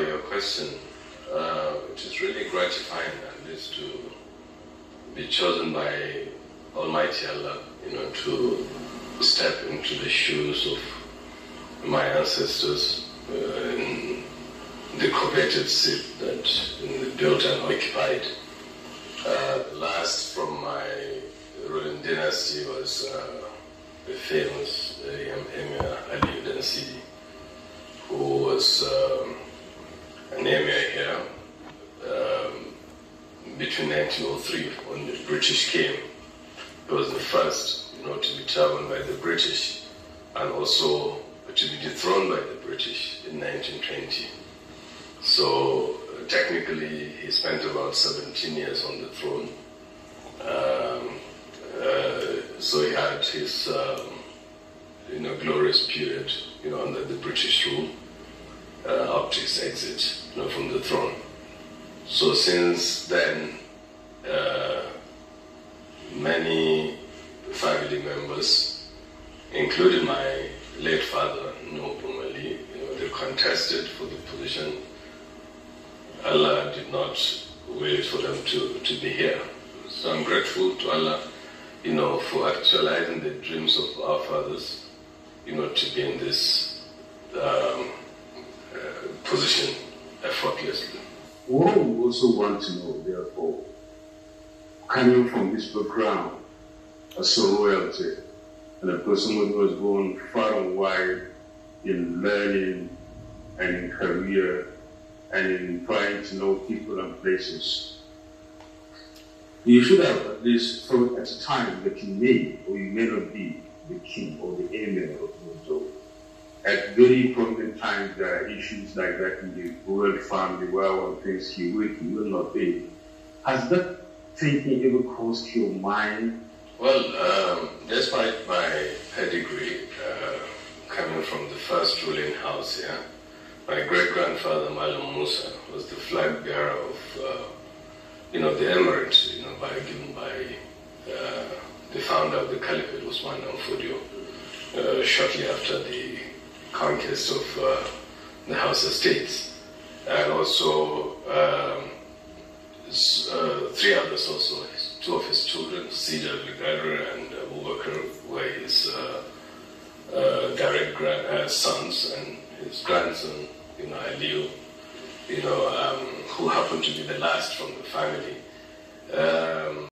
by your question, uh, it is really gratifying at least to be chosen by Almighty Allah, you know, to step into the shoes of my ancestors uh, in the coveted seat that built and occupied. Uh, last from my ruling dynasty was the uh, famous uh, Emir Ali Dansidi, who was uh, area here um, between 1903 when the British came. It was the first, you know, to be traveled by the British and also to be dethroned by the British in 1920. So uh, technically, he spent about 17 years on the throne. Um, uh, so he had his, um, you know, glorious period, you know, under the British rule uh, Optic's exit you know, from the throne. So since then, uh, many family members, including my late father, Nobu Mali, you know, they contested for the position. Allah did not wait for them to, to be here. So I'm grateful to Allah, you know, for actualizing the dreams of our fathers, you know, to be in this um, position effortlessly. One also want to know, therefore, coming from this background as a royalty, and of course someone who has gone far and wide in learning and in career and in trying to know people and places, you should have at least thought at a time that you may or you may not be the king or the emir of Moldova at very important times, there are issues like that in the rural family where one thinks he will, he will not be. Has that thinking ever crossed your mind? Well, um, despite my pedigree uh, coming from the first ruling house here, yeah, my great grandfather Malam Musa was the flag bearer of, uh, you know, the Emirates, you know, by, given by uh, the founder of the Caliphate, Osman Al Fudio, uh, shortly after the conquest of uh, the House of States, and also um, uh, three others also, two of his children, Cedar Ligara and Abubakar, uh, were his uh, uh, direct grand- sons, and his grandson, you know, Aliu, you know, um, who happened to be the last from the family. Um,